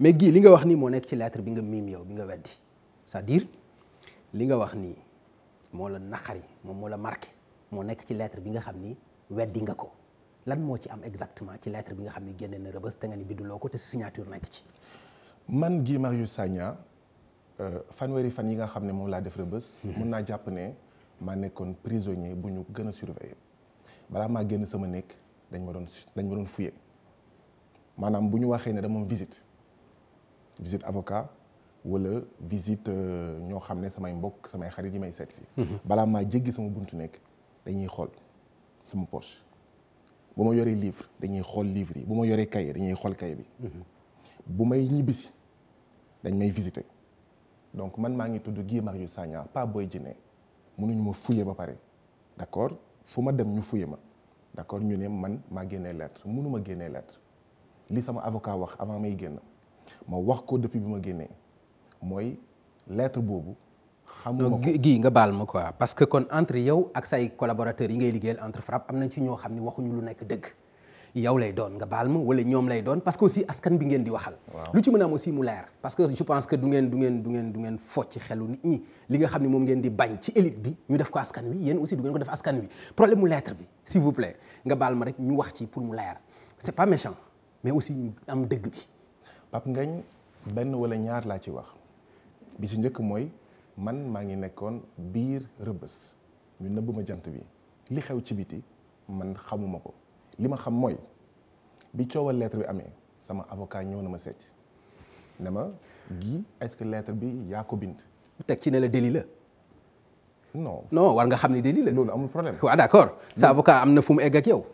mais gii li nga wax nii moo nekk ci lettre bi nga miim yow bi nga weddi c'est-à-dire li nga wax nii moo la naqari moom moo la marqué moo nekk ci lettre bi nga xam ni weddi nga ko lan moo ci am exactement ci lettre bi nga xam ni génne na rëbës te nga ni binduloo ko te si signature nekk ci. man ma Marius Sagna euh, fanweeri fan yi nga xam ne moom laa def rëbës. Mhm. mun naa jàpp ne maa nekkoon prisonnier bu ñu gën a surveiller balaa maa génn sama nekk dañ ma doon dañ ma doon fuyee maanaam bu ñu waxee ne dama visite. visite avocat wala visite euh, ñoo xam ne samay mbokk samay xarit yi may seet si. Mhm. balaa maa jéggi sama buntu nekk dañuy xool sama poche bu ma yoree livre dañuy xool livre yi bu ma yoree cahier dañuy xool cahier bi. Mhm. bu may ñibbisi dañ may visiter donc man maa ngi tudd Guy Marius Sagna pas Boy Djiné mënuñu ma fuye ba pare d'accord fu ma dem ñu fuye ma d'accord ñu ne man maa génnee lettre mënu ma génnee lettre li sama avocat wax avant may génn. ma wax ko depuis bi ma génnee mooy lettre boobu. xamuma ko gii nga baal ma quoi parce que kon entre yow ak say collaborateurs yi ngay liggéeyal entre FRAPP am nañ ci ñoo xam ne waxuñu lu nekk dëgg. yow lay doon nga baal ma wala ñoom lay doon parce que aussi askan bi ngeen di waxal. lu ci mën a am aussi mu leer. parce que je pense que du ngeen du ngeen du ngeen du ci xelu nit ñi li nga xam ne moom ngeen di bañ ci élite bi ñu def ko askan wi yéen aussi du ngeen ko def mu lettre bi s'il vous plaît nga baal ma rek ñu wax ci pour mu leer c'est pas méchant mais aussi am dëgg bi. Pape Ngagne benn wala ñaar laa ci wax bi ci njëkk mooy man maa ngi nekkoon biir rëbës ñu nëbb ma jant bi li xew ci biti man xamuma ko li ma xam mooy bi coowal lettre bi amee sama avocat ñëw na ma seet ne ma gii est-ce que lettre bi yaa ko bind. teg ci ne la délit la. non war nga xam ni délit la. loolu amul problème waaw d'accord sa avocat am na fu mu egg ak yow.